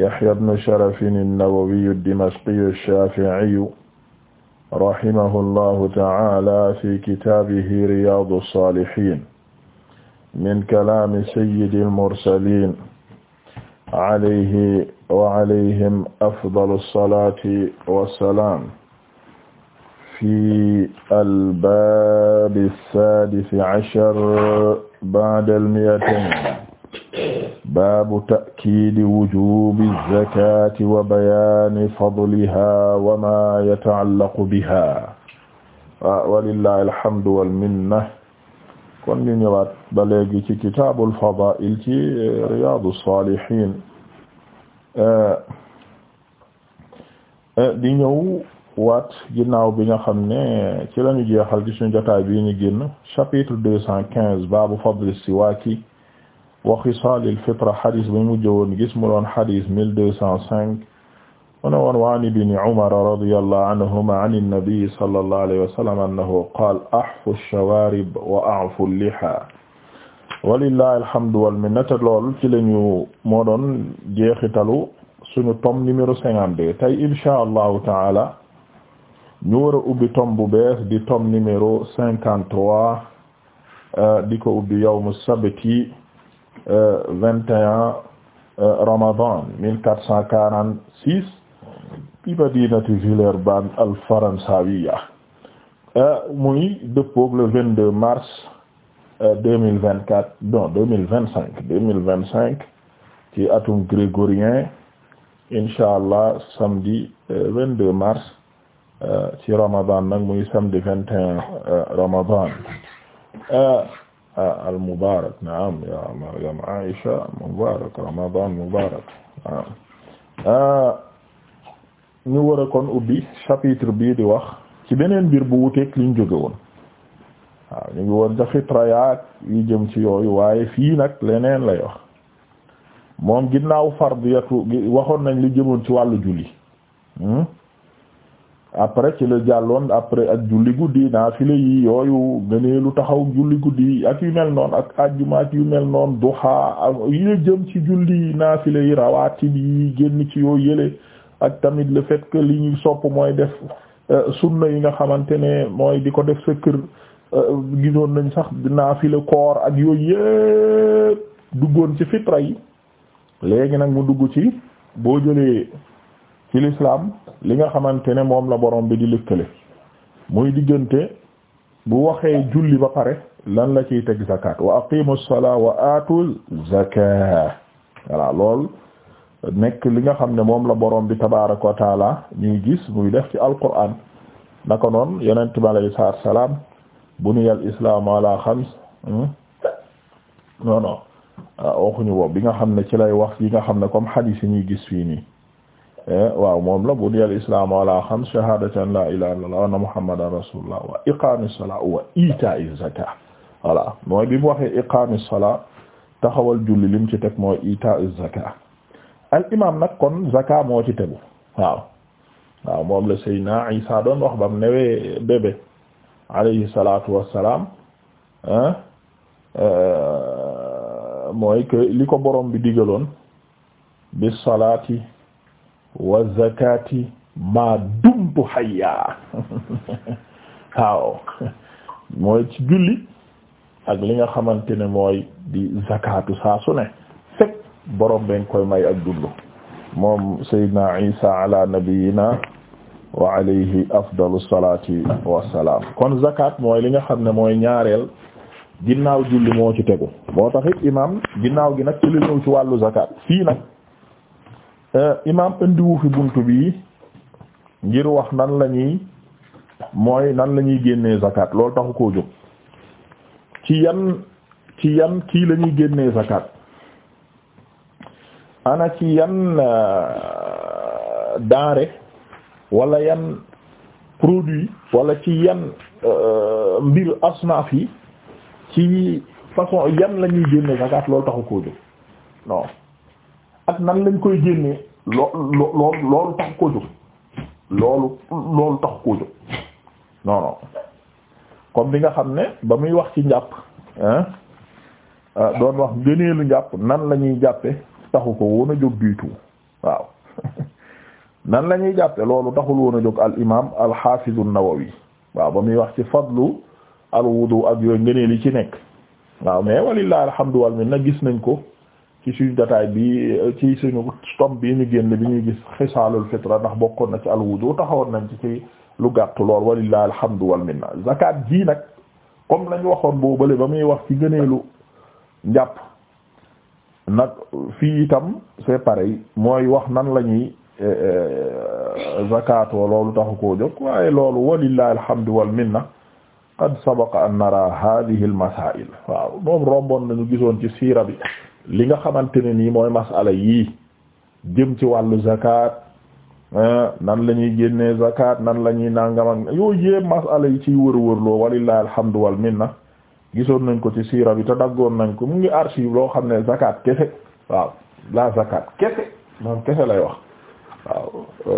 Yahya ibn Sharaf an-Nawawi ad-Dimashqi ash-Shafi'i rahimahullahu ta'ala fi kitaabihi Riyadu as-Salihin min kalaami sayyidil mursaliin alayhi wa alayhim afdalu as-salaati was-salaam fi al-baabi as-saadisi ashar ba'da al-mi'atayn baabu ta'kiidi wujuubi zakaati wa bayaani fadlihaa wa maa yata'allaqu bihaa walillaahi alhamdu wal minna kon ñu ñëwaat ba léegi ci kitaabul fadaa'il ci e, riyaadus saalihiin e, e, di ñëw waat ginnaaw bi nga xam ne ci lañu jeexal ci suñu jotaay bii ñu génn chapitre deux cent quinze baabu fadli siwaaki wa xisaalil fitra xadis bi mu jëwoon gis mu doon xadis mille deux cent cinq mu ne woon wa an ibni Umar radiyallahu anhuma an an-nabi sallallahu alayhi wa sallam annahu qaala ahfu ash-shawaarib wa a'fu al-lihaa walillahi alhamdu wal minnata lool ci lañu moo doon jeexitalu suñu tome numéro cinquante-deux tey inshaa Allahu taala ñu war a ubbi tome bu bees di tome numéro cinquante-trois di ko ubbi yawmu sabti Euh, vingt et un euh, Ramadan mille quatre cent quarante-six bi madinati Villeurbanne al-Faransawiya euh, muy dëppook le vingt-deux mars deux mille vingt-quatre non deux mille vingt-cinq deux cinq ci atum grégorien incha allah samedi vingt-deux mars ci Ramadan nag muy samedi vingt et un Ramadan al mubarak naam ya Maryam Aisha mubarak Ramadan mubarak ñu war a kon ubbi chapitre bii di wax ci beneen mbir bu wuteeg liñ jóge woon waaw ñu ngi woon ca fitra yaak yu jëm ci yooyu waaye fii nag leneen lay wax moom ginnaaw fardiyatu waxoon nañ li jëmoon ci wàllu julli hmm? après ci la jàlloon après ak julli guddi naafile yi yooyu gënee lu taxaw julli guddi ak yu mel noonu ak ajjuma ak yu mel noonu duha yi la jëm ci julli naafile yi rawaatib yi génn ci yoo yële ak tamit le fait que li ñu sopp mooy def euh, sunna yi nga xamante ne mooy di ko def sa kër euh, gisoon nañ sax naafile koor ak yooyu yëpp duggoon ci fitra yi léegi nag mu dugg ci boo jëlee ci li nga xamante ne moom la boroom bi di lëkkale muy diggante bu waxee julli ba pare lan la ciy teg zakat wa aqimu salaa wa aatu zakat voilà lool nekk li nga xam ne moom la boroom bi tabaaraka wa taala ñuy gis muy def ci alquran naka noon yonent bi alayhi salaatu salaam buniya al islaamu ala xams hmm? non ah, waxuñu boobu bi nga xam ne ci lay wax yi nga xam ne comme hadith ñuy gis fii nii. Eh, waaw moom la bu diyal islam ala xams shahadatan la ilaha illallah wa anna muhammadan rasulullah wa iqamis salat wa ita'iz zakat voilà mooy bi mu waxee iqamis taxawal julli lim ci teg mooy ita'iz zakat al imam nag kon moo ci tegu waaw waaw moom la Seydina Isa wax bam newee bébé alayhi salatu wassalam eh, eh, mooy que li ko bi digaloon bi salati wa zakati ma dumtu hayya waaw mooy ci julli ak li nga xamante ne mooy di zakatu saa su ne fekk borom ben koy may ak dund moom Seydina Isa ala nabiyina wa alayhi afdalu salati wassalam kon zakat mooy li nga xam ne mooy ñaareel ginnaaw julli moo ci tegu moo taxit imam ginnaaw gi nag ci li ñëw ci wàllu zakat fii nag Eh, imaam indiwu fi buntu bi ngir wax nan lañuy mooy nan la ñuy génnee zakat loolu taxu koo jóg ci yan ci yan kii lañuy ñuy génnee zakat ana ci yan eh, denrée wala yan produit wala ci yan eh, mbir asnaaf yi ci façon yan la ñuy génnee zakat loolu taxu koo jóg nan lañ koy génne loo loo loolu tax ko jóg loolu loolu tax ko jóg non non bi nga xam ne ba muy wax ci njàpp euh, doon wax ngëneelu njàpp nan la ñuy jàppe taxu ko woon a jóg du tout waaw nan la ñuy jàppe loolu taxul woon a jóg al imaam al xaafiz nawawi waaw ba muy wax ci fadlu al wudu ak yooyu ngëneel yi ci nekk waaw mais walillahi alhamdu wal minna gis nañ ko ci suñu jotaay bi ci suñu tom bi ñu génn bi ñuy gis xisaalul fitra ndax bokkoon na ci alwudu taxawoon nañ ci ci lu gàtt lool walillahi alhamdu wal minna zakat ji nag comme lañ waxoon boobale ba muy wax ci gëneelu njàpp nag fii itam c'est pareil mooy wax nan la ñuy eh, eh, zakatoo loolu taxu koo jóg waaye loolu walillahi alhamdu wal minna qad sabaqa an nara hadhihi al masail waaw moom romboon nañu gisoon ci siira bi li nga xamante ne nii mooy masala yii jëm ci wàllu zakat ah, nan la ñuy génnee zakat nan la ñuy nangam ak yooyu yépp masala yi ciy wërwërloo walillahi alhamdu wal minna gisoon nañ ko ci siira bi te daggoon nañ ko mu ngi archive loo xam ne zakat kese waaw la zakat kese moom kese lay wax waaw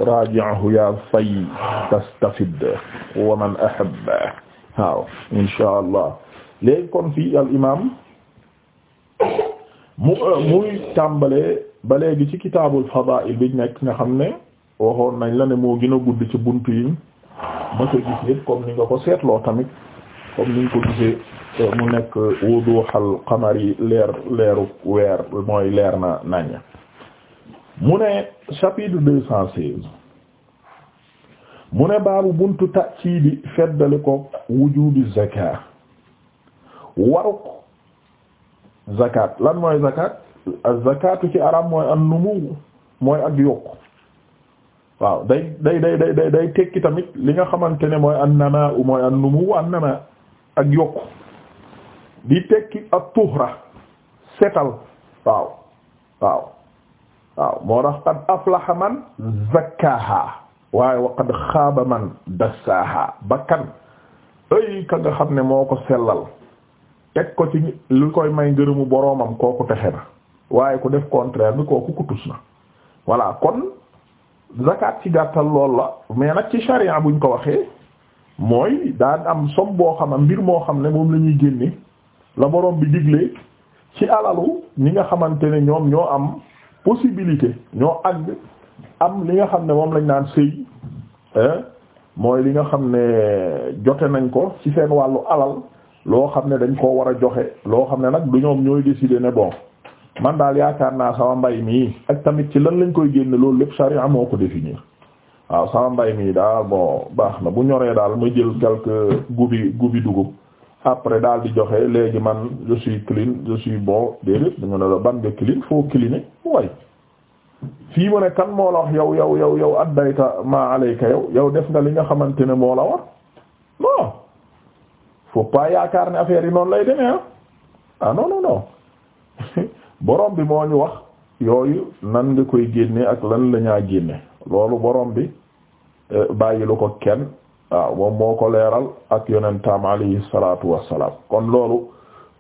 raji'ahu ya fay tastafid wa man ahabba waaw insha allah léegi kon fii al imam mu euh, muy tàmbalee ba léegi ci kitaabul fadaa'il bi nekk nga xam ne waxoon nañ la ne moo gën a gudd ci bunt yi ma ko gis comme ni nga ko seetloo tamit comme ni nga ko gisee euh, mu nekk euh, wuduuxal qamari leer leeru weer mooy leer na nañ mu ne chapitre mu ne baabu buntu ta'kiidi feddali ko wujuubi zakat waruk zakat lan mooy zakat az-zakatu ci arab mooy an-numu mooy ak yokk waaw day day day tekki tamit li nga xamante ne mooy an-namaa mooy an-numu an-namaa ak yokk di tekki at-tuhra setal waaw waaw waaw moo tax qad aflaha man zakkaaha waaye waqad xaaba man dassaaha bakkan ay ka nga xam ne moo ko sellal teg ko ci lu koy may ngërëmu boroomam kooku texe na waaye ku def contraire bi kooku kutus na voilà kon zakat ci gàttal lool la mais nag ci charia buñ ko waxee mooy daan am som boo xam mbir moo xam ne moom lañuy génne la boroom bi diglee ci alalu ñi nga xamante ne ñoom ñoo am possibilité ñoo àgg am li nga xam ne moom lañ naan sëy mooy li nga xam ne jote nañ ko ci seen wàllu alal loo xam ne dañ koo war a joxe loo xam ne nag du ñoom ñooy décider ne bon man daal yaakaar naa sama mbay mii ak tamit ci lan lañ koy génne loolu lépp sari amoo ko définir waaw sama mbay mii daal bon baax na bu ñoree daal muy jël quelques gubi gubbi dugub après daal di joxe léegi man je suis clean je suis bon déedéet dañu ne la ban nga clean foo cleané way fii mu ne kan moo wax yow yow yow yow addayta ma alayka yow yow def nga li nga xamante ne moo la war non faut yaakaar ne affaire yi noonu lay demee ah ah non non non bi moo ñu wax yooyu nan nga koy génne ak lan la ñaa génne loolu borom bi eh, bàyyilu ko kenn waaw ah, moom moo ko leeral ak yonentam alayhi salaatu wassalaam kon loolu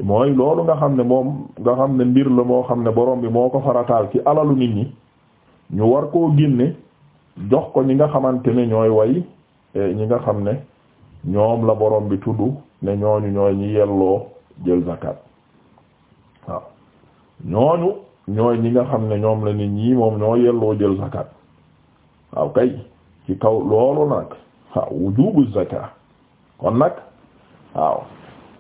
mooy loolu nga xam ne moom nga xam ne mbir la moo xam ne borom bi moo ko farataal ci alalu nit ñi. ñu war koo génne jox ko ñi nga xamante ne ñooy way eh, ñi nga xam ne ñoom la borom bi tudd ne ñooñu ñooy ñi yelloo jël zakat waaw ñooñu ñooy ñi nga xam ne ñoom la nit ñi moom ñoo yelloo jël zakat waaw kay ci kaw loolu nag waaw wujubu zakat kon nag waaw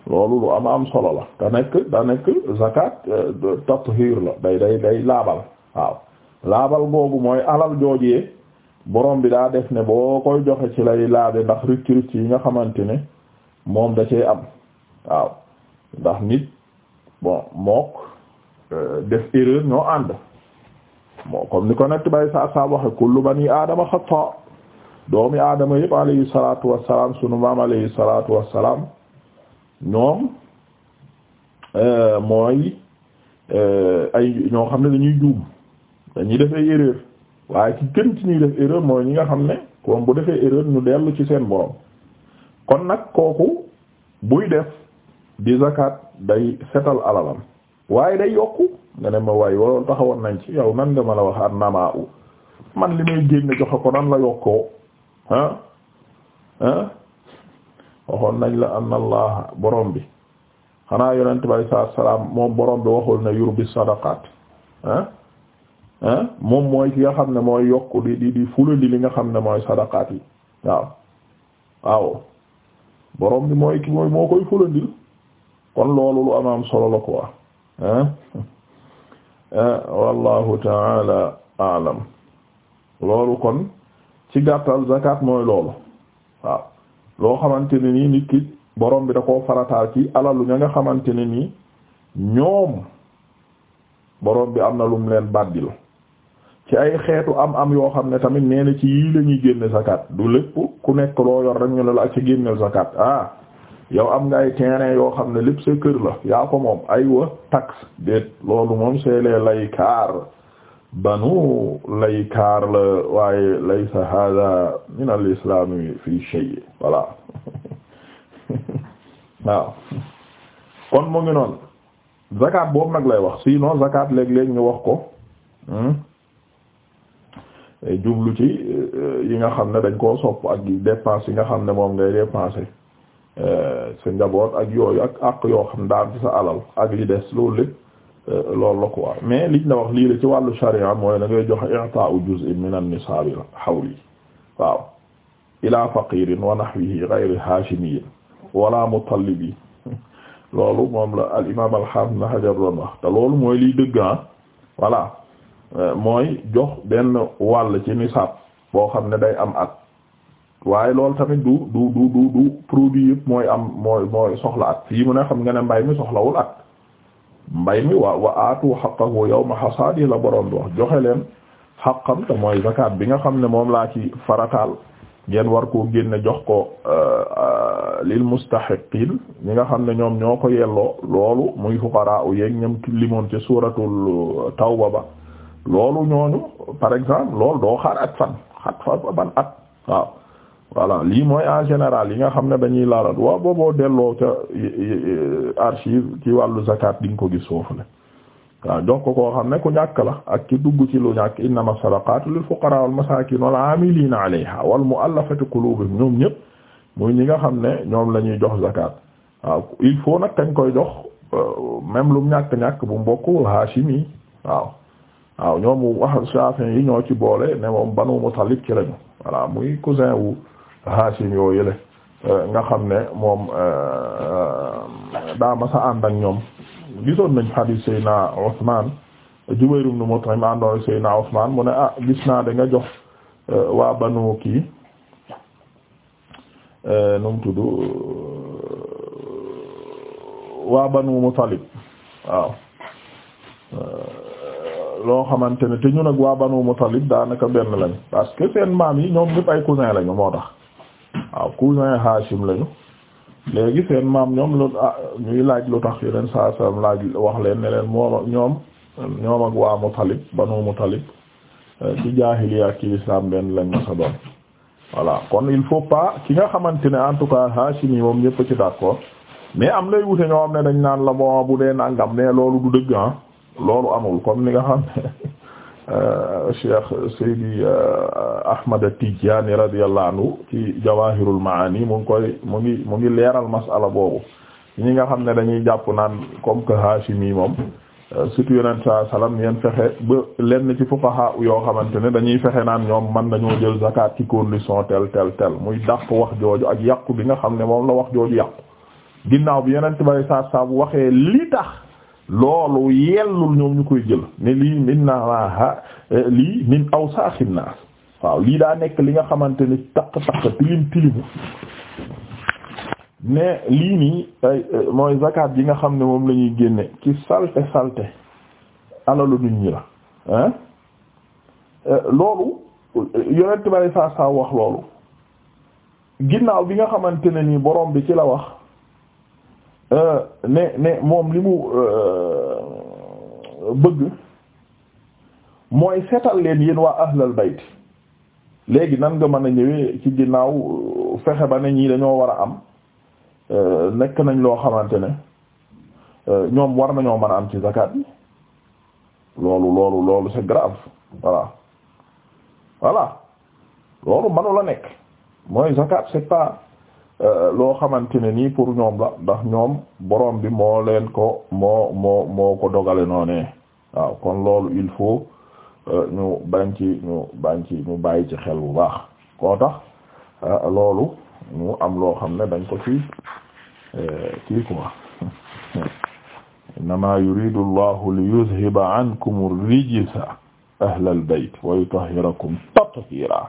loolu lu am am solo la da nekk da nekk zakat eh, tathir la day day laabal waaw laabal boobu mooy alal joojee borom bi daa def ne boo koy joxe ci lay laabe ndax ricc ricc yi nga xamante ne moom da ce am waaw ndax nit bon mook euh, def erreur ñoo ànd moo comme ni ko nekk bay saa saa waxe kullu bani aadama xata doomi aadama yëpp alayhi salatu wassalam sunu maam alayhi salatu wassalam ñoom euh, mooy euh, ay ñoo xam ne dañuy juum dañuy defee erreur waaye ci gën ci ñuy def erreur mooy ñi nga xam ne comme bu defee erreur ñu dellu ci seen borom kon nag kooku buy def di zakat day setal alalam waaye day yokku nga ne ma waaye waroon taxawoon nañ ci yow nan nga ma la wax an namaa u man li may génne joxe ko la yokkoo ah ah waxoon nañ la an allah borom bi xanaa yonent bay saa salaam moom borom bi waxul ne yurbi sadaqat ah Ah, moom mooy ki nga xam ne mooy yokk di di di fulandi li nga xam ne mooy sadaqaat waaw waaw borom bi mooy ki mooy moo koy fulandil kon loolu lu amaam solo la eh, loolu kon ci gàttal zakat mooy loolu waaw loo xamante ne nii nit ki borom bi da koo farataal ci alalu ña nga xamante ne nii ñoom borom bi am na lum leen bàddil ci ay xeetu am am yoo xam ne tamit nee ci yii la ñuy génne zakat du lépp ku nekk loo yor rek ñu ne la ak ci génneel zakat ah yow am nga ay terrain yoo xam ne lépp sa kër la yaa ko moom aywa taxe déet loolu moom c'est les laykaar banu laykaar la waaye laysa hada min al islami fi shay voilà waaw kon mu ngi noonu zakat boobu nag lay wax sinon zakat léeg-léeg ñu wax ko hmm? jublu ci euh, yi nga xam ne dañ koo sopp ak dépense yi nga xam ne moom ngay dépenser euh, sa njaboot ak yooyu ak àq yoo xam daal ci sa alal ak li des loolu lépp euh, loolu la quoi mais liñ la wax lii la ci wàllu sharia mooy da ngay joxe i'ta'u juz'in min an-nisaab hawli waaw ila faqirin wa nahwihi ghayri haashimiyin wala mutallibi loolu moom la al imaam al-haafid Hajar doon wax te loolu mooy liy dëgg ah voilà Euh, mooy jox benn wàll ci nisaab boo xam ne day am at waaye loolu tamit du du du du produit yëpp mooy am mooy mooy soxla at fii mu ne xam nga ne mbay mi soxlawul at mbay mi wa wa aatu haqqahu yawma hasaadi la borom joxe leen xaqam te mooy zakat bi nga xam ne moom laa ci farataal ngeen war koo génne jox ko euh, euh, lil mustahiqin mi nga xam ne ñoom ñoo ko yelloo loolu muy fuqaraa u yeeg ñoom limoon ci suuratul tawba ba loolu ñooñu par exemple loolu doo xaar fan xat fa ban at waaw voilà lii mooy en général yi nga xam ne dañuy laalat waaw booboo delloo ca archive ci wàllu zakat di ko gis foofu le waaw jox ko koo xam ne ku ñàkk la ak ki dugg ci lu ñàkk innama sadaqatu lil fuqara wal masakin wal amilina alayha wal mu'allafati qulubuhum ñoom ñëpp muy ñi nga xam ne ñoom lañuy jox zakat waaw il faut nag kañ koy jox euh, même lu ñàkk-ñàkk bu mbokk hashimi waaw waaw ñoom ahlu Shafi'i yi ñoo ci boole ne moom Banu Mutalib ci lañu voilà muy cousin wu Hashim yoo yële euh, nga xam ne moom euh, euh, daa masa ànd ak ñoom gisoon nañ hadith Seydina Usman Jubayr ibn Mut'im àndoon Seydina Usman mu ne ah gis naa da nga jox waa Banu nu mu tudd waaw loo xamante ne te ñun ak waa Banu Muttalib daanaka benn lañ parce que seen maam yi ñoom ñëpp ay cousin lañu moo tax waaw cousin Hashim lañu léegi seen maam ñoom lu ah ñuy laaj lu tax yeneen saa saa laaj wax leen ne leen moom ñoom ñoom ak waa Muttalib Banu Muttalib eh, ci jaahiliya ak ci islam benn lañ ma sa doon voilà kon il faut pas ki nga xamante ne en tout cas Hashim yi moom ñëpp ci d'accord mais am nay wute ñoo xam ne dañ naan la bon bu dee nangam loolu du ah. loolu amul comme ni nga xam ne euh, Cheikh Seydi euh, Ahmad At-Tidjânî radiyallahu anhu ci Jawahirul Maani mu ngi koy mu ngi mu ngi leeral masala boobu ñi nga xam ne dañuy jàpp naan comme que Hachimi moom euh, surtout Yonent saa salaam yeen fexe ba lenn ci fuqaha yoo xamante ne dañuy fexe naan ñoom man nañoo jël zakat ci condition tel tel tel muy dàq wax jooju ak yàqu bi nga xam ne moom la wax jooju yàqu ginnaaw bi Yonent bay saa saa waxee li tax. loolu yellul ñoom ñu koy jël ne lii min nawaha lii min awsaaxin naas waaw lii daa nekk li nga xamante ni takk takk tilim tilimu ne lii nii mooy zakat yi nga xam ne moom lañuy génne ci salte salte alalu nit ñi la hein eh, loolu yonent bari saa wax loolu ginnaaw bi nga xamante ne nii borom bi ci la wax ne euh, ne moom li mu euh, bëgg mooy seetal leen yéen waa ahlal bayt léegi nan nga mën a ñëwee ci ginnaaw euh, fexe ba ne ñii dañoo war a am nekk nañ loo xamante ne ñoom war nañoo mën a am ci zakat bi loolu loolu loolu c'est grave voilà voilà loolu mënu nekk mooy zakat c'est pas Euh, loo xamante ne nii pour ñoom la ndax ñoom borom bi moo leen ko moo moo moo ko dogale noonee waaw kon loolu il faut euh, ñu bañ ci ñu bañ ci ñu bàyyi ci xel bu baax koo tax euh, loolu ñu am loo xam ne dañ ko ci kii quoi innama yuridu allahu li yuzhiba ankum rijsa ahlal bayt wa yutahhirakum tatheera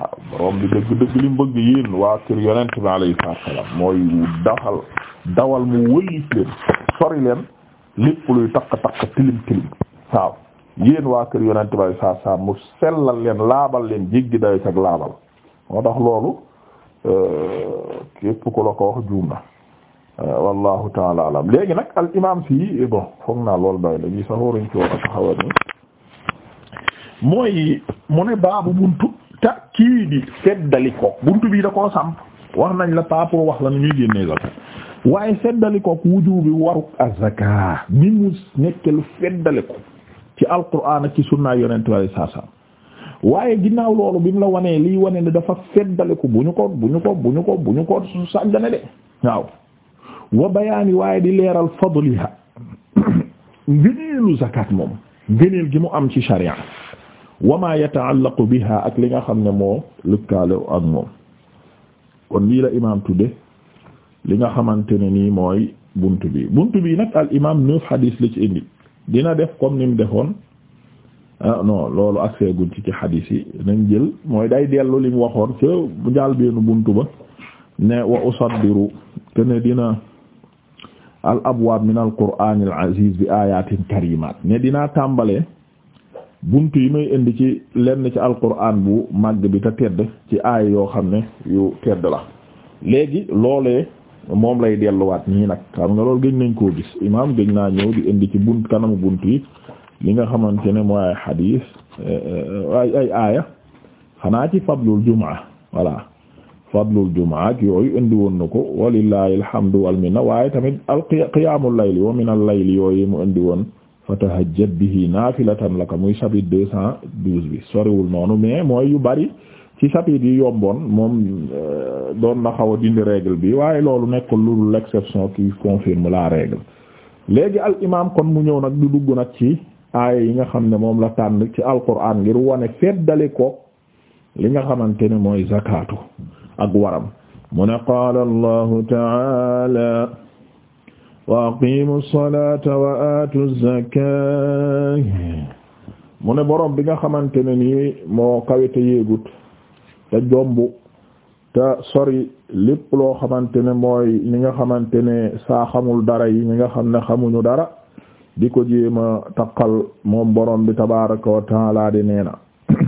waaw borom bi dëgg dëgg li mu bëgg yéen waa kër yonent bi alayhi salaam mooy dawal dawal mu wëlif leen sori leen lépp luy takk takk tilim tilim waaw yéen waa yonent bi alayhi salaam mu sellal leen laabal leen jéggi dayo sag laabal moo tax loolu euh, képp ku la ko wax juum na euh, wallahu taala alam léegi nag al imam fii eh, bon foog naa loolu doy la ñi sax a taxawal ni mooy mu ne baabu buntu ta'kiidi seddali kook buntu bii da koo samp wax nañ la pas wax la nu ñuy génnee zakat waaye seddali kook wuju bi waruk azaka ni mu nekke lu seddali ci alquran ak ci sunna yonent bi sallallahu alayhi waaye ginnaaw loolu bi mu la wanee liy wane ne dafa seddali ko bu ñu ko bu ñu ko bu ñu ko bu ñu ko sàggane de waaw wa bayaani waaye di leeral fadliha ngëneelu zakat moom ngëneel gi mu am ci sharia wa ma yataallaqu biha ak li nga xam ne moo lëkkaale ak moom kon lii la imaam tudde li nga xamante ne nii mooy bunt bi bunt bi nag al imaam neuf xadiis la ci indi dina def comme ni mu defoon ah non loolu ak seeguñ ci ci xadiis yi nañ jël mooy day dellu li mu waxoon ca njàlbeenu bunt ba ne wa usaddiru te ne dina al abwaab min al qur'aan al aziz bi ayatin karimaat ne dinaa tàmbalee bunt yi may indi ci lenn ci alquran bu màgg bi te tedd ci aay yoo xam ne yu tedd la léegi loolee moom lay delluwaat nii nag xam nga lool gëj nañ koo gis imaam gëj naa ñëw di indi ci bunt kanamu bunt yi li nga xamante ne mooy ay xadiis ay ay xanaa ci fadlul jumaa voilà fadlul jumaa ak yooyu indi woon na ko walillahi alhamdu wal minna waaye tamit al qiyaamul layli wa minal layli yooyu mu indi woon fatahajjat bihi naafilatan laka muy chapitre bi soriwul noonu mais mooy yu bari ci chapitre yi yomboon moom euh, doon na xaw a dindi règle bi waaye loolu nekkul lu l'exception qui confirme la règle léegi al imam kon mu ñëw nag du dugg nag ci aaya yi nga xam ne moom la tànn ci alquran ngir wane dale ko li nga xamante ne mooy zakatu ak waram mu ne qaala allahu taala wa aqimu lsalata wa atu zaka mu ne boroom bi nga xamante ne nii moo kawite yéegut te jomb te sori lépp loo xamante ne mooy ñi nga xamante ne saa xamul dara yi ñi nga xam ne xamuñu dara di ko jéema taqal moom boroom bi tabaraka wa taala di nee na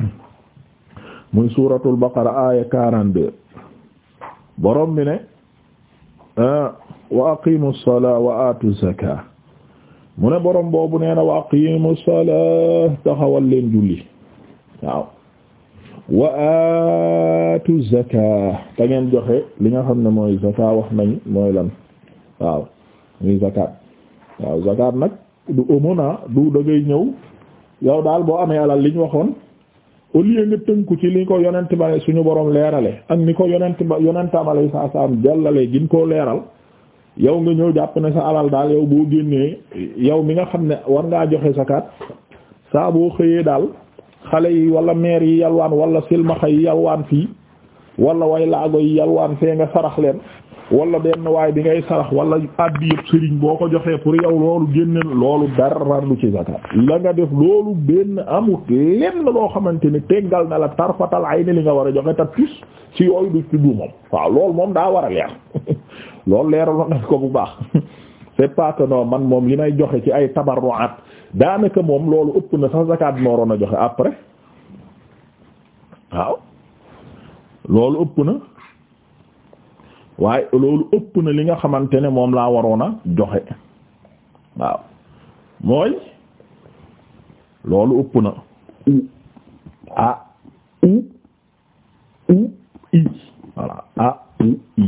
muy suuratul baqara aya quarante-deux boroom bi ne ah, wa aqimu salaa wa atu zaka mu ne borom boobu nee na wa aqimu salaa taxawal leen julli waaw wa aatu zaka ngeen joxe li nga xam ne mooy zaka wax nañ mooy lan waaw muy zakat waaw zakat nag du aumône ah, du da ngay ñëw yow daal boo amee alal liñ waxoon au lieu nga tënku ci li ko yonent ba suñu borom leerale ak ni ko yonent ba yonentam alay saa saam jàllale gin koo leeral yow nga ñëw jàpp ne sa alal daal yow boo génnee yow mi nga xam ne war ngaa joxe zakat saa boo xëyee daal xale yi walla meer yi yalwaan wala silmaxa yi yalwaan fii walla way laago yi yalwaan fee nga sarax leen wala benn waay bi ngay sarax walla addi yëpp sëriñ boo ko joxee pour yow loolu génne loolu dara lu ci zakat la nga def loolu benn amut lenn loo xamante ni teggal na la tarfatal ay ni li nga war a joxe ta tus ci yooyu du ci du waaw loolu moom daa war a leer loolu leeraloon nañ ko bu baax c'est pas man moom li may joxe ci ay tabarruat daanaka moom loolu ëpp na sax zakat bi nooroon a joxe après waaw loolu ëpp na. waaye loolu ëpp na li nga xamante ne moom laa waroon a joxe waaw mooy loolu ëpp na u a u u i voilà a u i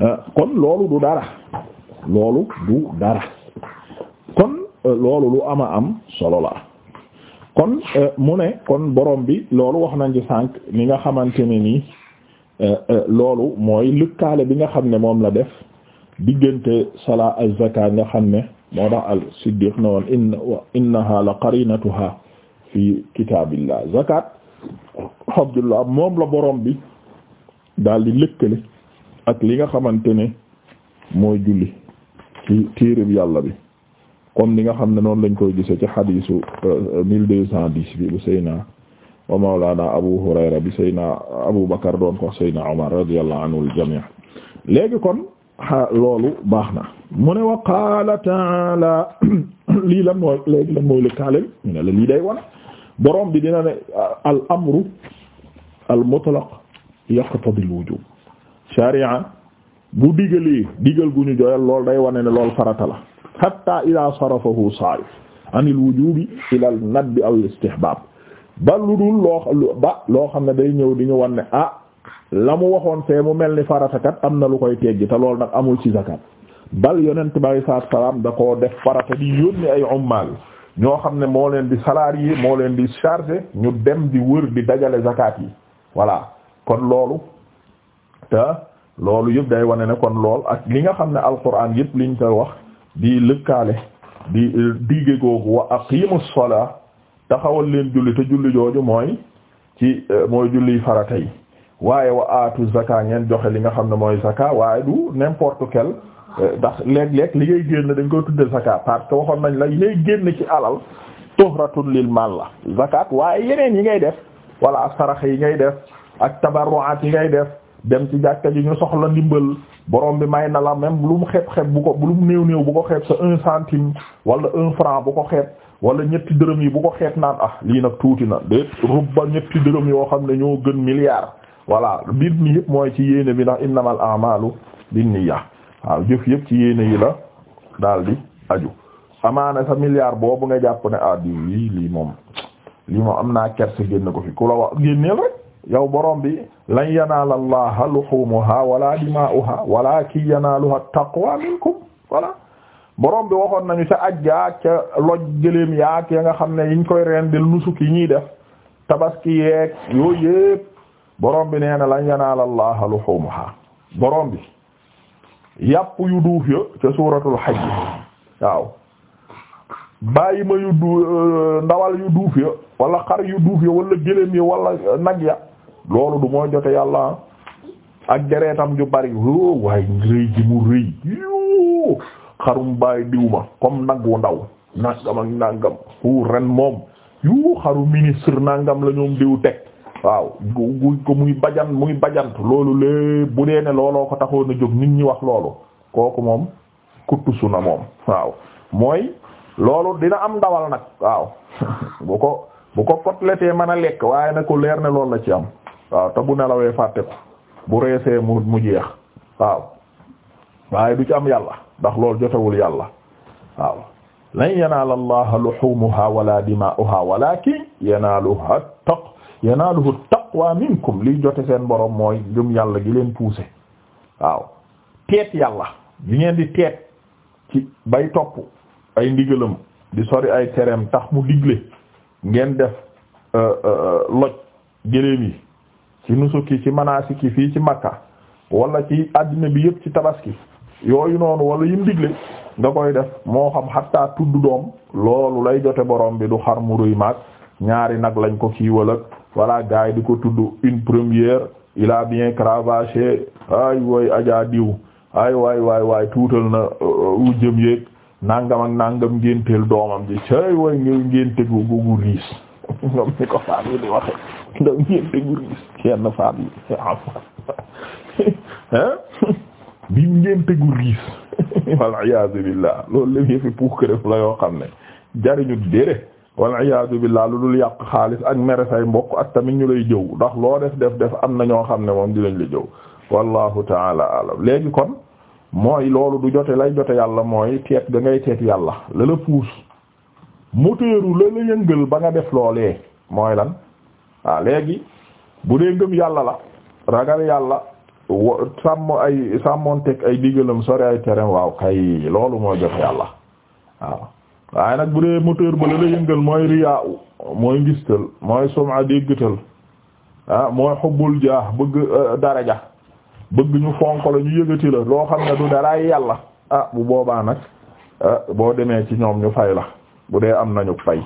euh, kon loolu du dara loolu du dara kon euh, loolu lu ama am solo la kon euh, mu ne kon borom bi loolu wax nañ ci sànq li nga xamante ne nii Euh, euh, loolu mooy lëkkaale bi nga xam ne moom la def diggante salaa ak zakat nga xam ne moo tax al siddiq na woon inna innaha la qarinatuha fi kitaabillah zakat abdullah moom la borom bi daal di lëkkale ak li nga xamante ne mooy julli ci téereb yàlla bi comme li nga xam ne noonu lañ koy gise ci xadiisu euh, mille deux cent dix bi bu seyna wa mawlana Abu Hurayra bi Seydina Abu Bakar doon ko Seydina Umar radiyallahu anhu al-jami' léegi kon loolu baax na mu ne wa qaala ta'ala lii lan mooy léegi lan mooy le kaalem ñu ne la lii day wane borom bi dina ne al amru al mutlaq yaqtadi al wujub sharia bu digalee digal gu ñu joyal lool day wane ne lool farata la hatta ila sarafahu saarif an al wujubi ila al nadbi aw al istihbab ba lu dul loo ba loo xam ne day ñëw di ñu wan ne ah la mu waxoon fee mu mel ni faratakat am na lu koy teggi te loolu nag amul ci zakat bal yonent bi alayhi salaatu salaam da ko def farata di yónni ay ummaal ñoo xam ne moo leen di yi moo leen di chargé ñu dem di wër di dajale zakat yi voilà kon loolu te loolu yëpp day wane ne kon lool ak li nga xam ne alquran yëpp liñ koy wax di lëkkaale di diige googu wa aqimu salaa taxawal leen julli te julli jooju mooy ci eh, mooy julli farata yi waaye wa aatu zaka ngeen joxe li nga xam ne mooy zaka waaye du n'importe quel eh, ndax léeg-léeg li ngay génn dañ koy tudde zaka parce que waxoon nañ la li ngay génn ci alal tuhratun lil mal la zakat waaye yeneen yi ngay def wala sarax yi ngay def ak tabarruat yi ngay def dem ci jàkka ji ñu soxla ndimbal borom bi may na la même lu mu xeeb xeeb bu ko lu mu néew néew bu ko xeeb sa un centime wala un franc bu ko xeeb wala ñetti dërëm yi bu ko xeeb naan ah lii nag tuuti na de rubba ñetti dërëm yoo xam ne ñoo gën milliard voilà biir mi mooy ci yéene bi ndax innamal a'malu binniya waaw jëf yëpp ci yéene yi la daal di aju amaana sa milliard boobu nga jàpp ne ah diw lii moom lii moom am naa kersa génn ko fi ku la wax génneel rek. yow borom bi lan yanaala allaha luhumuha wala dimaa'uha walakin yanaaluha taqwa minkum voilà borom bi waxoon nañu ca ajja ca loj gëléem yaak ya nga xam ne yiñ koy rendil nusuk yi ñuy def tabaski yeeg yooyu yëpp borom bi nee na lan yanaala allaha luhumuha borom bi yàpp yu duuf ya ca suuratul hajj waaw bàyyi ma yu du euh, ndawal yu ya wala xar yu duuf ya wala gëléem ya wala nag ya loolu du mooy jote yàlla ak deretam ju bari wóo waaye rëy ji mu rëy yoo xarum baay diw ma comme nag wu ndaw nangam ak nangam wu ren moom yoo xaru ministre nangam la ñoom diw teg waaw guy ko muy bajant muy bajant loolu lée bu dee ne looloo ko taxoon a jóg nit ñi wax loolu kooku moom kuttusu na moom waaw mooy loolu dina am ndawal nag waaw bu ko bu ko côtelette mën a lekk waaye na ko leer ne loolu la ci am waaw te bu nelawee fàtte ko bu reesee mu mu jeex waaw waaye du ci am yàlla ndax loolu jotewul yàlla waaw lan yanaala allaha luhumuha wala dimaa'uha walakin yanaaluha taq yanaaluhu taqwa minkum liy jote seen borom mooy jëm yàlla gi leen poussé waaw teet yàlla gi ngeen di teet ci bay topp ay ndigalam di sori ay tereem tax mu digle ngeen def euh, euh, euh, loj gëléem yi ci nusuki ci manasiki fii ci makka wala ci addina bi yëpp ci tabaski yooyu noonu wala yim digle nga koy def moo xam xatta tudd doom loolu lay jote borom bi du xar muruy rëy ñaari nag lañ ko kii wala voilà gars yi di ko tudd une première il a bien cravaché ay way ajaa diw ay waay waay waay tuutal na euh, wu jëm yéeg nangam ak doomam ji cay way ngénte gu gu riis ñoom ni ko faam yi di waxe ndaw ñeente gur gis kenn faam yi waaw hein bi ñeente gur gis walla iyaazu billaah loolu la yëfi pour kërëf la yoo xam ne jariñu dére walla iyaazu billaah lu dul yàq xaalis ak mere say mbokk ak tamit ñu lay jëw ndax loo def def def am na ñoo xam ne moom dinañ la jëw wallahu taala alam léegi kon mooy loolu du jote lay jote yàlla mooy teet ga ngay teet yàlla la la puus moteeru la la yëngal ba nga def loolee mooy lan waa léegi bu dee ngëm yàlla la ragal yàlla wa sàmm ay sàmmonteg ay digalam sori ay terrain waaw kay loolu mooy jot yàlla waaw waaye nag bu dee moteur ba la la yëngal mooy riyaa mooy ngistal mooy suma déggtal ah mooy xubbul jaa bëgg euh, daraja bëgg ñu fonk la ñu yëgati la loo xam ne du daraay yàlla ah bu boobaa nag ah, boo demee ci ñoom ñu fay la bu dee am nañu fay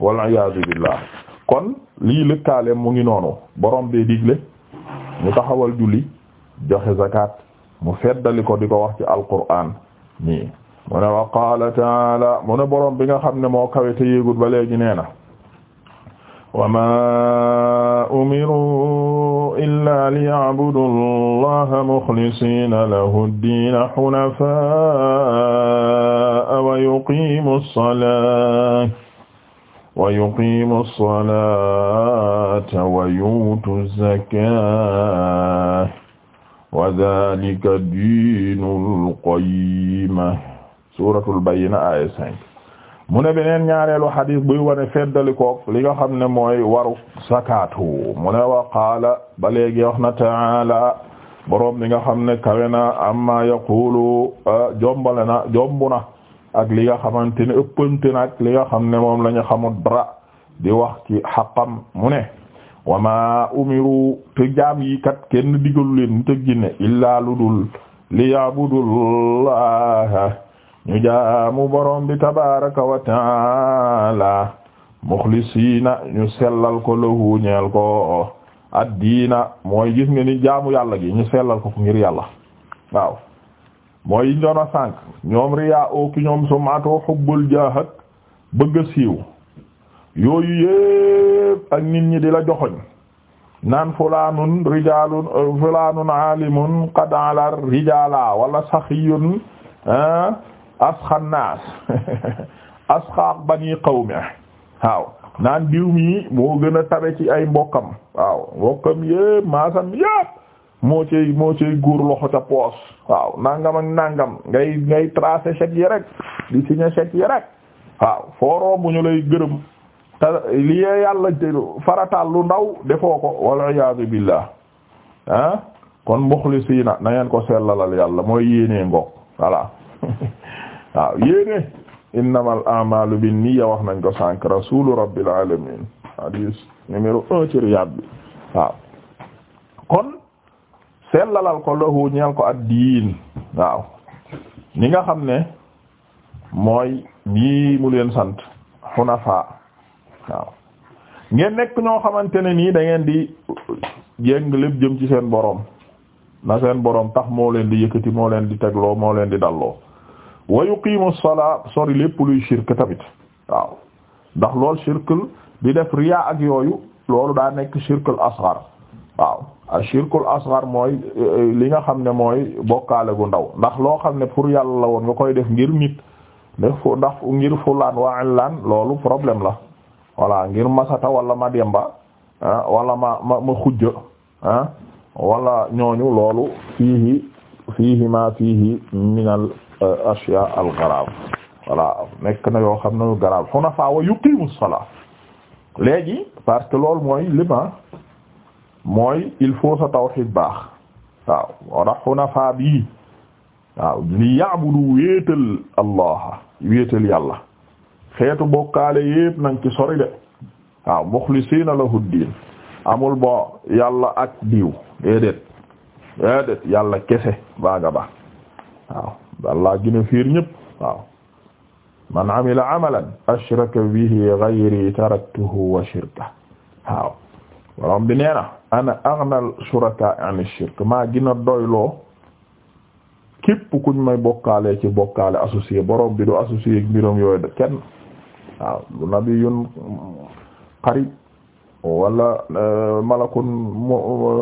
wal iyaazu billah kon lii lëkkaaleem mu ngi noonu borom bee digle ñu taxawal julli joxe zakat mu feddali ko di ko wax ci alquraan nii mu ne wa qaala taala mu ne borom bi nga xam ne moo kawe te yéegul ba léegi nee na wa ma umiru illa liya'budu allaha muxlisina lahu ddiina xunafaa wa yuqimu ssalaa wa yuqiimu as-salaata wa yu'tu az-zakaata wa dhaalika diinul qayyima suuratul bayyina aaya cinq mu ne beneen ñaareelu xadis buy wane feddali koog li nga xam ne mooy waru sakaatu mu ne wa qaala ba léegi wax na ta'aala boroom li nga xam ne kawe na amma yaqulu ah, jombale na jombu na ak li nga xamante ne ëppante na ak li nga xam ne moom lañu ñu xamul di wax ci xaqam mu ne wama umiru te jaam yi kat kenn digalu leen mu tëg ginne illaa lu dul ñu jaamu borom bi tabaraka wa taala muxlisiina ñu sellal ko lahu ko addiina mooy gis nga ni jaamu yàlla gi ñu sellal ko fu ngir yàlla waaw mooy yiñ doon a sànq ñoom riyaa oo ñoom sumaatoo xubbul jaah ak bëgg siiw yooyu yépp ak nit ñi di la joxoñ naan fulaanun rijalun fulaanun alimun qad ala wala saxiyun ah, asxa naas asxaq bani qawmi waaw naan diw moo gën a tabe ci ay mbokkam waaw mbokkam yépp maasam yépp moo cay moo cay góor loxo ca poos waaw nangam ak nangam ngay ngay tracer chèque yi rek di signer chèque yi rek waaw fooroo bu ñu lay gërëm te li yàlla farataal lu ndaw defoo ko wal iyaadu billah ah kon na ngeen ko sellalal yàlla mooy yéenee ngoog voilà waaw yéene innamal a'maalu binniyya wax nañ ko sànq rasulu rabbil alamin hadis numéro un ci bi waaw kon sellalal ko lahu ñeel ko addiin waaw ñi nga xam ne mooy ñii mu leen sant xunafa waaw ngeen nekk ñoo xamante ne nii dangeen ngeen di jéng lépp jëm ci seen boroom na seen boroom tax moo leen di yëkkati moo leen di tegloo moo leen di dalloo wa yuqimu salaa sori lépp luy shirk tamit waaw ndax lool shirkul di def riyaa ak yooyu loolu daa nekk shirkul asghar waaw ashirkul asghar mooy li nga xam ne mooy bokkaale gu ndaw ndax loo xam ne pour yàlla la woon nga koy def ngir nit ndax fu ndax ngir fulaan wa loolu problème la voilà ngir masata wala ma demba ah, wala ma ma ma xujja ah, wala ñooñu loolu fiihi fiihi ma fiihi minal eh, ashya al garab voilà nekk na yoo xam ne yu garab hunafa wa yuqimu salaa léegi parce que loolu mooy liban mooy il faut sa baax waaw moo tax xunafa bii waaw allah wéetal yàlla xeetu bokkaale yépp nañ ci sori de waaw lahu diin amul bo yàlla ak diw déedéet déedéet yàlla kese baaga ba waaw gina fiir ñépp man amila amalan ashraka bihi ghayri taraktuhu wa shirka waaw borom bi ana aghnal shuraka an shirk maa gina doyloo képp kuñ may bokkaale ci bokkaale associé borom bi du associé ak mbiram yooyu de kenn waaw lu qarib wala euh, malakun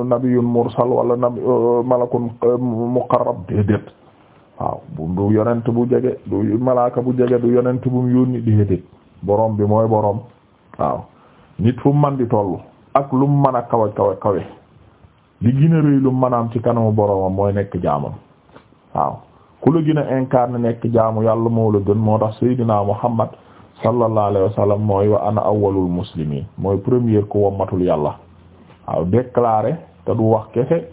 nabiyun mursal wala euh, malakun euh, muqarrab déedéet waaw bu du yonent bu jege du malaaka bu jege du yonent bu mu yónni déedéet borom bi mooy borom waaw nit fu man di tollu ak lu mën a kawe kawe kawe li gën a lu mën a ci kanamu boromam mooy nekk jaamam waaw ku la gën a incarné nekk jaamu yàlla moo la tax Seydina Muhammad sallallahu alayhi wa mooy wa ana awwalul muslimin mooy premier ku wommatul yàlla waaw déclaré te du wax kese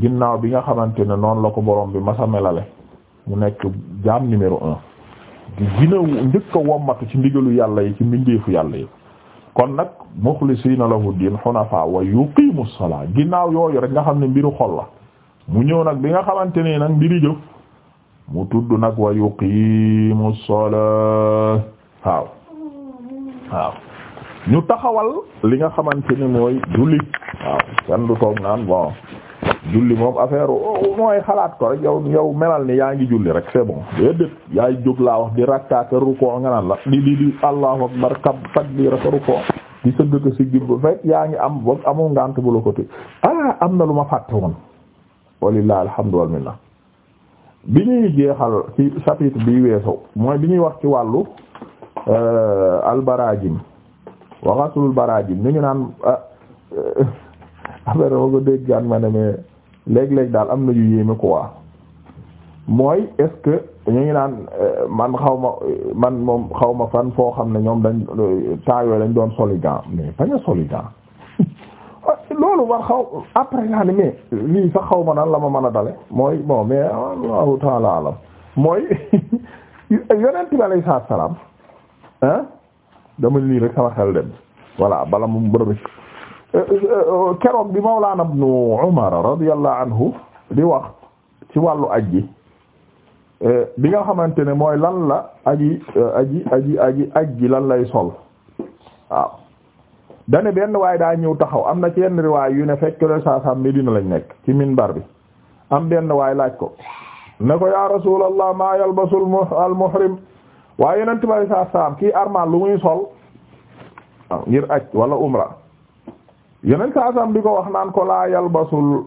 ginnaaw bi nga xamante ne noonu la ko borom bi masa melale mu nekk jaam numéro un di gën a njëkk wommatu ci ndigalu yàlla yi ci mbindeefu yàlla yi kon nag muxlisiina lahu diin xunafaa wa yuqiimu salaa ginnaaw yooyu rek nga xam ne mbiru xol la mu ñëw nag bi nga xamante ne nag mbiri jëf mu tudd nag wa yuqiimu salaa waaw waaw ñu taxawal li nga xamante ne mooy julli waaw kenn du toog naan bon julli moom affaire mooy xalaat ko rek yow yow melal ni yaa ngi julli rek c'est bon déedéet yaay jóg laa wax di rakkaate rukkoo nga naan la di di di allahu akbar kab takbira ko rukkoo di sëgg ko siggi ba fekk yaa ngi am ba amul ngànt bu la ko té ah am na lu ma fàtte woon walillahi alhamdu wal bi ñuy jeexal ci chapitre bi weesu mooy bi ñuy wax ci wàllu euh, albarajim wa ghaslul barajim ñu naan ah, euh, affaire ma ko dégg ma ne mais léeg-léeg daal am na yu yéeme quoi mooy est ñu ngi naan euh, man xaw ma euh, man moom xaw ma fan foo xam ne ñoom dañ euh, temps yooyu dañ doon soli gant mais bañ a soli gant ah, loolu war xaw après naa ni mais lii sax xaw ma nan la ma mën a dale mooy bon mais Allahu taala alam mooy yonent bi alayhi salaam ah dama lii rek sama xel dem voilà bala mu bërëb keroog bi Mawlana ibn Umar radiyallahu anhu di wax ci wàllu aji bi nga xamante ne mooy lan la aji aji aji aji aji lan lay sol waaw dane benn waaye daa ñëw taxaw am na ci yenn riwaay yu ne fekk leen saa saa Medina lañ nekk ci minbar bi am benn waaye laaj ko ne ko yaa rasuulallah maa yalbasul al waaye yeneen tubaab yi saa kii armal lu muy sol waaw ngir aj wala umra. yeneen saa sam di ko wax naan ko laa yalbasul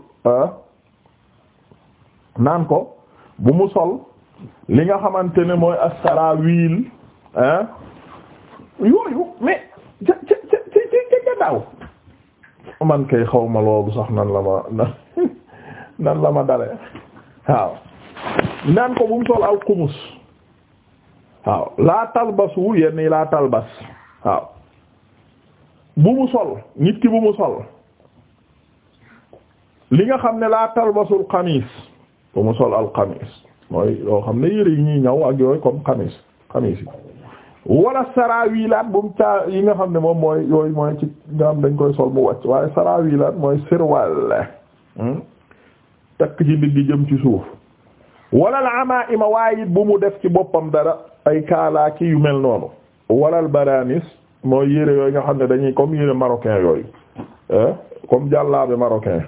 naan ko bu mu sol li nga xamante ne mooy asarawiil ah yooyu mais ca ca ca ca ca daaw man kay xaw ma loolu sax nan la ma nan la ma dale waaw naan ko bu mu sol al xumus waaw laa talbasu yenn laa talbas waaw bu mu sol nit bu mu sol li nga xam ne laa talbasul xamis bu mu sol al xamis mooy loo xam ne yëre yi ñuy ñaw ak yooyu comme xamis xamis yi wala sarawilaat bu mu caa yi nga xam ne moom mooy yooyu mooy ci nga xam dañ koy sol mu wàcc waaye sarawilaat mooy sirwal hmm? takk ci ndigg jëm ci suuf wala al amaa'ima waaye it bu mu def ci boppam dara ay kaalaaki yu mel noonu wala al mooy yére yooyu nga xam ne dañuy comme yére marocain yooyu comme jàllaabe marocain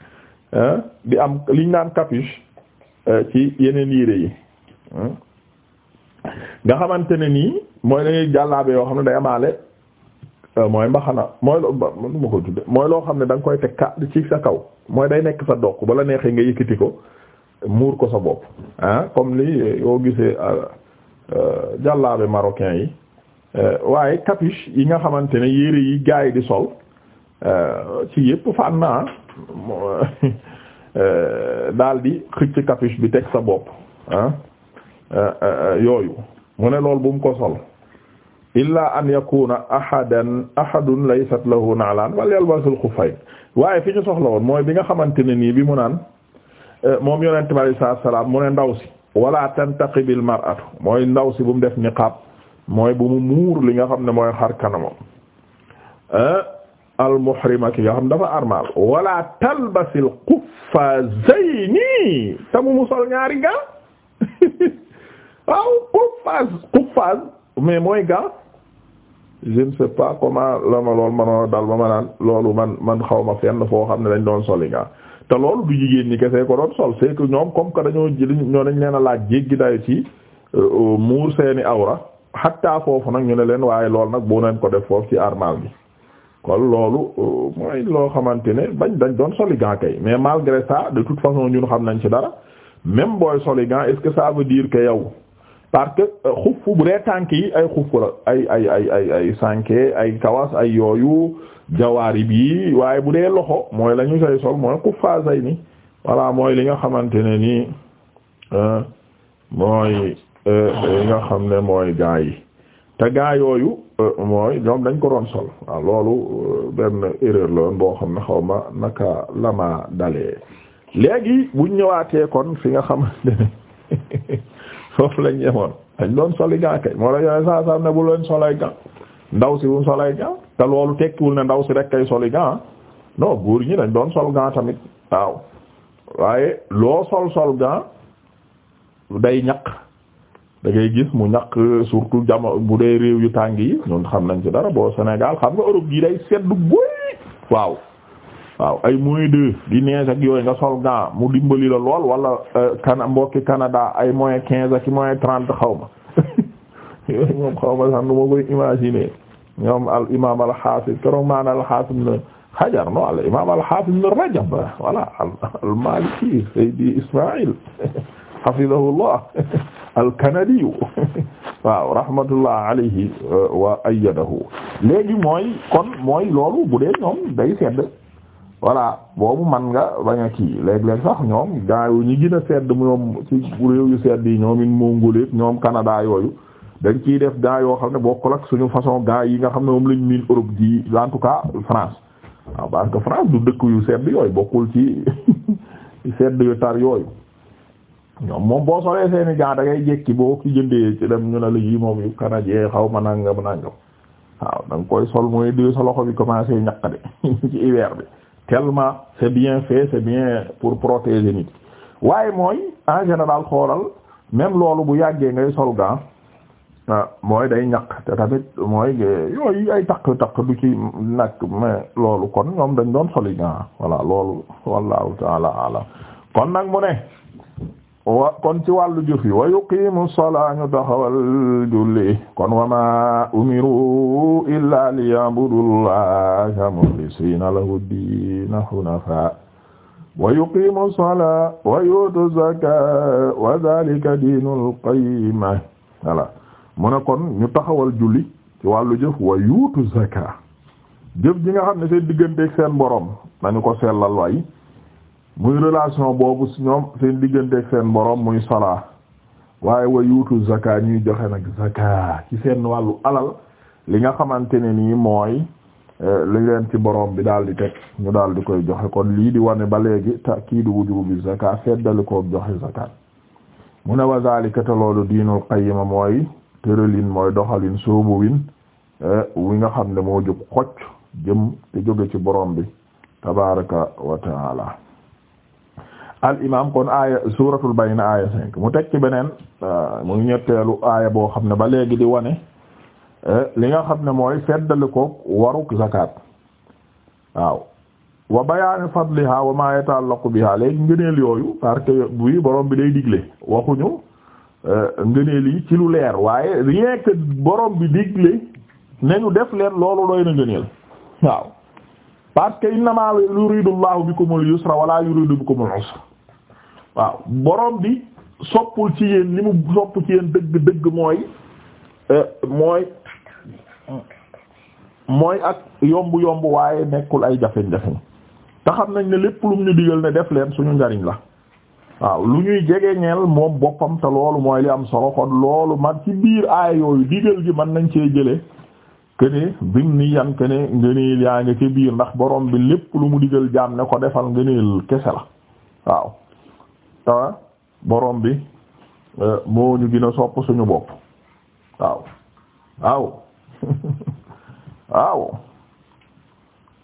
di am liñ naan capuche euh, ci yeneen yére yi nga xamante ne nii mooy dañuy jàllaabe yoo xam ne day amaale euh, mooy mbaxana mooy loo ma ko tudde mooy loo xam ne da koy teg ka ci sa kaw mooy day nekk sa doq bala neexee nga yëkkati ko muur ko sa bopp ah comme li euh, yoo gisee jàllaabe marocain yi Euh, waaye capuche yi nga xamante ne yére yi gaay di sol euh, ci yëpp fànn naa euh, daal di bi teg sa bopp ah yooyu mu ne loolu bu mu ko sol ila an yakuna ahadan ahadun laysat lahu naalaan wal yalbasul xuffayn waaye fi ñu soxla woon mooy bi nga xamante ne nii bi mu naan moom yonent bi alayhi salaam mu ne ndaw si wala tantaqibil mar'atu mooy ndaw si bu mu def niqaab mooy bu mu muur li nga xam ne mooy xar kanamam eh? al muhrima ki nga xam dafa armal wala talbasil quffazayni te mu mu sol ñaari ga waaw quffaz quffaz mais mooy ga je ne sais pas comment la ma lool manoon dal ba ma naan loolu man man xaw ma fenn foo xam ne dañ doon soli ga te loolu du jigéen ñi kese ko doon sol c'est ñoom comme que dañoo jëli ñoo dañ leen a laaj jéggi dayo ci euh, muur seeni awra xatta foofu nag ñu ne leen waaye lool nag boo leen ko def foofu ci armal bi kon loolu euh, mooy loo xamante ne bañ dañ doon soli kay mais malgré ça de toute façon ñun xam nañ ci dara même booy soli gants est-ce que ça veut dire que yow parce que euh, xufu bu dee tànk yi ay xufu la ay ay ay ay ay sànke ay kawas ay yooyu jawaarib yi waaye bu dee loxo mooy la ñu say sol mooy xufaasay ni voilà mooy li nga xamante ne nii euh, mooy Euh, euh, nga xam ne mooy gaa yi te gaa yooyu euh, mooy ñoom dañ ko doon sol waaw loolu benn erreur la boo xam ne xaw ma naka la ma dalee léegi buñ ñëwaatee kon fi nga xamante ne foofu lañ yemoon dañ doon soli gaa kay moo la yooyu bu leen solay gaa ndaw si bu solay gaa te loolu tekkiwul ne ndaw si rek kay soli gaa non góor ñi dañ doon sol gaa tamit waaw waaye loo sol sol gaa day ñaq da ngay gis mu ñaq surtout jamono bu dee réew yu tàng yi ñun xam nañ ci dara boo Sénégal xam nga Europe gi day sedd guy waaw waaw ay moins deux di neige ak yooyu nga sol gant mu dimbali la lool wala euh, kana mbokki Canada ay moins quinze ak moins trente xaw ma yooyu moom xaw sax nu ma koy imaginer ñoom al imam al xaafis keroog maan al xaafis na xajar no al imam al xaafis na Rajab voilà al maliki Seydi Ismaïl hafizahullah alkanadiyu waaw rahmatullah alayhi uh, wa ayyadahu léegi mooy kon mooy loolu bu dee ñoom day sedd voilà boobu man nga bañ a kii léeg sax ñoom gaayu ñi gën a sedd ñoom ci réew yu sedd yi ñoom in ñoom Canada yooyu dañ ciy def gaa yoo xam ne bokkul ak suñu façon gaa yi nga xam ne moom lañ miin Europe ji en tout cas France waaw France du dëkk yu sedd yooyu bokkul ci sedd yu tar yooyu ñoom moom boo solee seeni gaa da ngay jekki boo ki jëndee ci dem ñu ne la yi moom yu canadien xaw ma nangam nangam waaw da nga koy sol mooy di sa loxo bi commencé ñaq de ci hiver bi tellement c'est bien fait c'est bien pour protéger nit waaye mooy en général xoolal même loolu bu yàggee ngay sol gaa ah, mooy day ñaq te tamit mooy yooyu ay takk takk du ci nag mais loolu kon ñoom dañ doon soli gaa voilà loolu wallahu taala alam kon nag mu ne wa kon ci wàllu jëf yi wa yuqimu salaa ñu taxawal julli kon wa ma umiru illa liya'budullaha mukhlisina lahu diina hunafa wa yuqimu salaa wa yutu zakaa wa dhalika diinul qayyima voilà mu ne kon ñu taxawal julli ci wàllu jëf wa yutu zakaa jëf ji nga xam ne seen digganteeg seen a nañu ko sellal waay muy relation boobu si ñoom seen digganteeg seen borom muy salaa waaye wa yuutu zaka ñuy joxe nag zaka ci seen wàllu alal li nga xamante ne nii mooy eh, li leen ci borom bi daal di teg ñu daal di koy joxe kon lii di wane ba léegi takiidu wujubi zaka feddali ko joxe zaka mu ne wa zalika loolu diinul qayyima mooy tëralin mooy doxalin soobu win eh, wi nga xam ne moo jub xocc jëm te jóge ci boroom bi tabaraka wa taala al imam kon aaya suratul bayna aaya cinq mu teg ci beneen euh, mu ñetteelu aaya boo xam ne ba léegi di wane euh, li nga xam ne mooy feddali ko waruk zakat waaw wa bayaani fadliha wa ma yata'allaqu biha léegi ngëneel yooyu parce que bu borom bi day digle waxuñu euh, ngëneel yi ci lu leer waaye rien que borom bi digle nañu def leen loolu doy na ngëneel waaw parce que innama yuridu Allahu bikumul yusra wala yuridu bikumul usra waaw borom bi soppul ci yéen li mu sopp ci yéen dëgg dëgg mooy euh, mooy mooy ak yomb yomb waaye nekkul ay jafe-jafe te xam nañ ne lépp lu mu ñu digal ne def leen suñu njariñ la waaw lu ñuy jegeñeel moom boppam te loolu mooy li am solo kon loolu man ci biir aay yooyu digal gi mën nañ cee jële kene bim ni yan kene ngëneel yaa nga ca biir ndax borom bi lépp lu mu digal jaam ne ko defal ngëneel kese la waaw ta ah, borom bi euh, moo ñu gën sopp suñu bopp waaw waaw waaw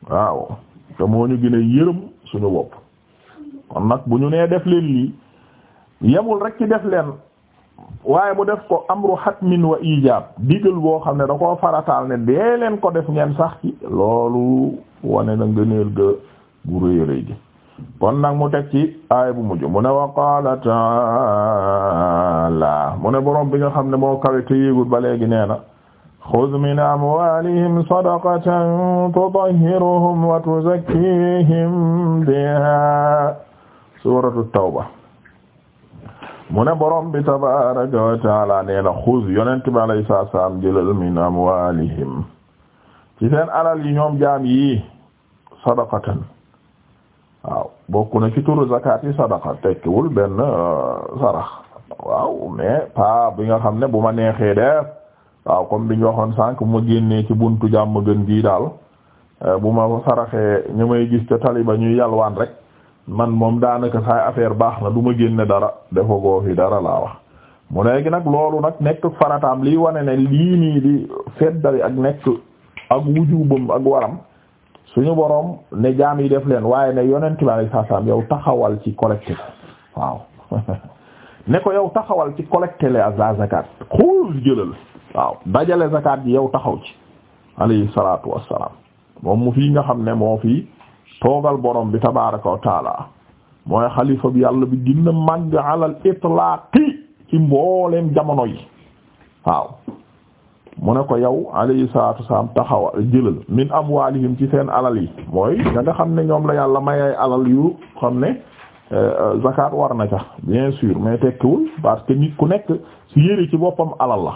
waaw te moo ñu gën yërëm suñu bopp kon nag bu ñu nee def leen lii yemul rek ci def leen waaye bu def ko amru hatmin wa ijab digal boo xam ne da koo farataal ne dee leen ko def ngeen sax ci loolu wane na ngëneel ga gu réyërëy kon nag mu teg ci aay bu mujj mu ne wa qaala taala mu ne borom bi nga xam ne moo kawe te yéegul ba léegi nee na xuz min amwalihim sadaqatan tutahhiruhum wa tuzakkihim biha suratu tawba mu ne boroom bi tabaaraka wa taala nee na xuz yonent bi alayhi salaam jëlal min amwaalihim ci seen alal yi ñoom jaam yi sadaqatan waaw bokk na ci turu zakat yi sadaqa tekkiwul benn euh, sarax waaw mais pa bi nga xam ne bu ma neexee def waaw comme bi ñu waxoon sànq ma génnee ci buntu jàmm gën gii daal euh, bu ma saraxee ñu may gis te taliba ñuy yalwaan rek man moom daanaka saay affaire baax na du ma génne dara dafa fi dara laa wax mu léegi nag loolu nag nekk farataam liy wane ne lii nii di feddali ak nekk ak wujubam ak waram suñu boroom ne jaam yi def leen waaye ne yonent bi saa saam yow taxawal ci collecté ko waaw ne ko yow taxawal ci collecté la za zakat xool jëlal waaw dajale zakat yi yow taxaw ci alayhi salaatu wassalaam moom mu fii nga xam ne moo fii toogal borom bi tabaraka wa mooy xalifa bi yàlla bu dina màgg alal itlaaqi ci mbooleem jamono yi waaw mu ne ko yow alayhi salaatu wasalaam taxawa jëlal min amwaalihim ci seen alal yi mooy da nga xam ne ñoom la yàlla mayay alal yu xam ne euh, zakat war na ca bien sûr mais tekkiwul parce que nit ku nekk si yëri ci boppam alal la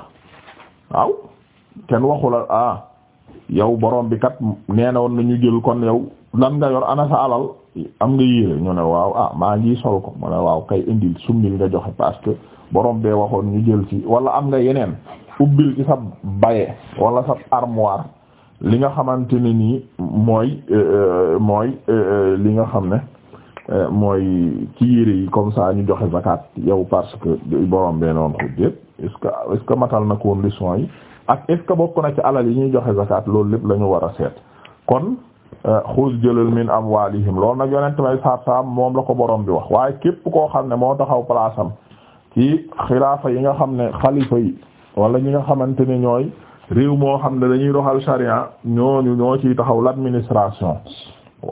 waaw kenn waxu ah yow borom bi kat nee na woon nañu jël kon yow lan nga yor ana sa alal am nga yére ñoo ne waaw ah maa ngi sol ko mu ne waaw kay indil summil nga joxe parce que borom bee waxoon ñu jël ci wala am nga yeneen ubbil ci sa baye wala sa armoire li nga xamante ni nii mooy euh, euh, mooy euh, li nga xam ne mooy ci yére yi comme ça ñu joxe zakat yow parce que borom bee noonu ko déet est-ce que est que matal na ko woon leçon yi ak est-ce que bokk na ci alal yi ñuy joxe zakat loolu lépp la ñu war a seet kon euh, xuus jëlal min amwalihim loolu nag yonent may saab-saab moom la ko boroom bi wax waaye képp koo xam ne moo taxaw place am ci xilaafa yi nga xam ne xalifa yi wala ñi nga xamante ne ñooy réew moo xam ne dañuy doxal sharia ñooñu ñoo ciy taxaw l'administration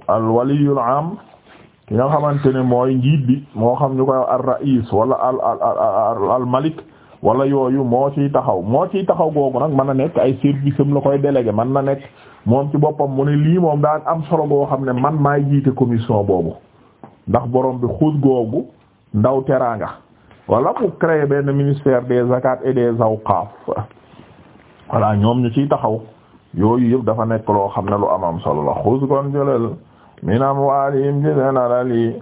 al waliyul am ki nga xamante ne mooy njiit bi moo xam ñu koy ar rais wala al al al malik wala yooyu moo ciy taxaw moo ciy taxaw googu nag man na nekk ay service am la koy délégué man na nekk moom ci boppam mu ne lii moom daa am solo boo xam ne man maay jiite commission boobu ndax boroom bi xuus googu ndaw teraanga wala mu créer benn ministère des zakat et des awqaf voilà ñoom ñu ciy taxaw yooyu yëpp dafa nekk loo xam ne lu am am solo la xuus kon jëlal minam waalim ci seen alal yi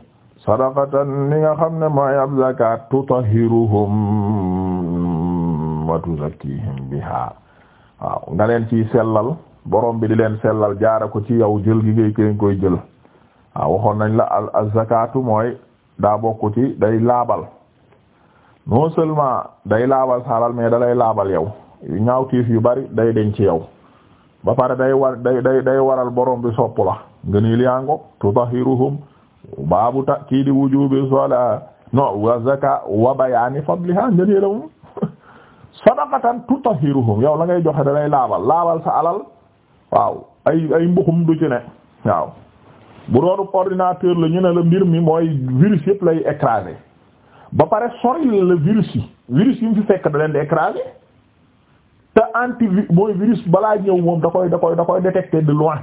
sadaqatan li nga xam ne mooy ab zakat tutahhiruhum wa tuzakkihim biha waaw nga leen ciy sellal borom bi di leen sellal jaara ko ci yow jël gi ngay keen koy jël waaw waxoon nañ la al azakatu mooy daa bokk day laabal non day laabal saalal mais da lay laabal yow ñaaw tiif yu bari day deñ ci yow ba pare day war waral borom bi sopp la ngënil yango tutahhiruhum baabu ta'kiidi wujuubi salaa no wa zaka wa bayaani fadliha ngëneela moom sadaqatan tutahhiruhum yow la ngay joxe da lay laabal laabal sa alal waaw ay ay mbuxum du ci ne waaw bu doonu ordinateur la ñu ne la mbir mi mooy virus yëpp lay écraser ba pare sori la virus yi virus yi mu fi fekk da leen di écraser te anti mooy virus balaa ñëw moom da koy da koy da koy de loin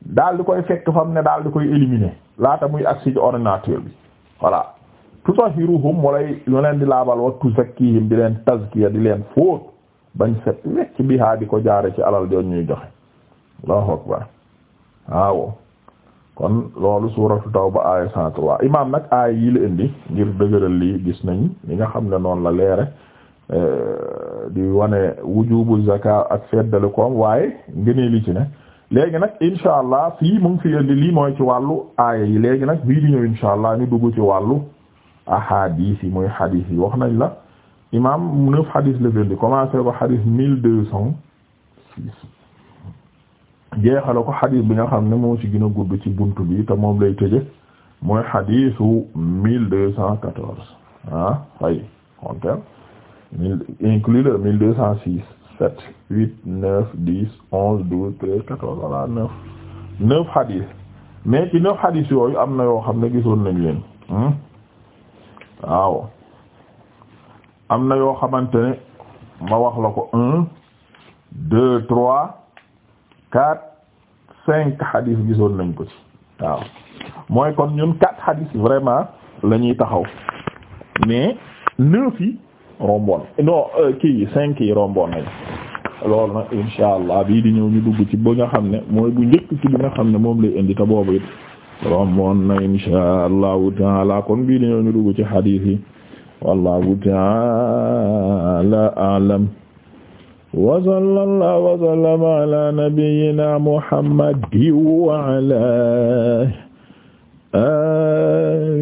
daal di koy fekk fam ne daal di koy éliminer laata muy agsi ci ordinateur bi voilà tutahhiruhum wala ñu leen di laabal wa tuzakkihim di leen tazkiya di leen fóot bañ set wecc bihaa di ko jaare ci alal joon ñuy joxe allahu akbar waaw kon loolu suuratu tawba aaya cent trois imaam nag aaya yi la indi ngir dëgëral lii gis nañ li nga xam ne noonu la leere eh, di wane wujubu zaka ak feddali koom waaye ngënee li ne léegi nag incha allah fii moom ngi fi indi lii mooy ci wàllu aaya yi léegi nag bii di allah ñu dugg ci wàllu ahadis yi mooy hadis yi wax nañ la imam neuf hadis la fi indi commencé ko hadis mille deux cent six jeexale ko hadis bi nga xam ne moo ci gën a gudd ci bunt bi te moom lay tëje mooy hadisu mille deux cent quatorze ah fay compter mille deux cent six sept huit neuf dix onze douze treize quatorze voilà neuf neuf hadith mais ci neuf hadith yooyu am na yoo xam ne gisoon nañ leen hmm? waaw am na yoo xamante ne ma wax la ko un deux trois quatre cinq hadith gisoon nañ ko ci waaw mooy kon ñun quatre hadith vraiment la ñuy taxaw mais neuf yi. romboon non euh, kii cinq yi romboon nañ loolu nag insha allah bii di ñëw ñu dugg ci ba nga xam ne mooy bu njëkk ci bi nga xam ne moom lay indi te boobu it romboon na insha allahu taala kon bii di ñëw ñu dugg ci hadith yi wallahu taala a'lam wa sallallahu wa sallama ala nabiyyina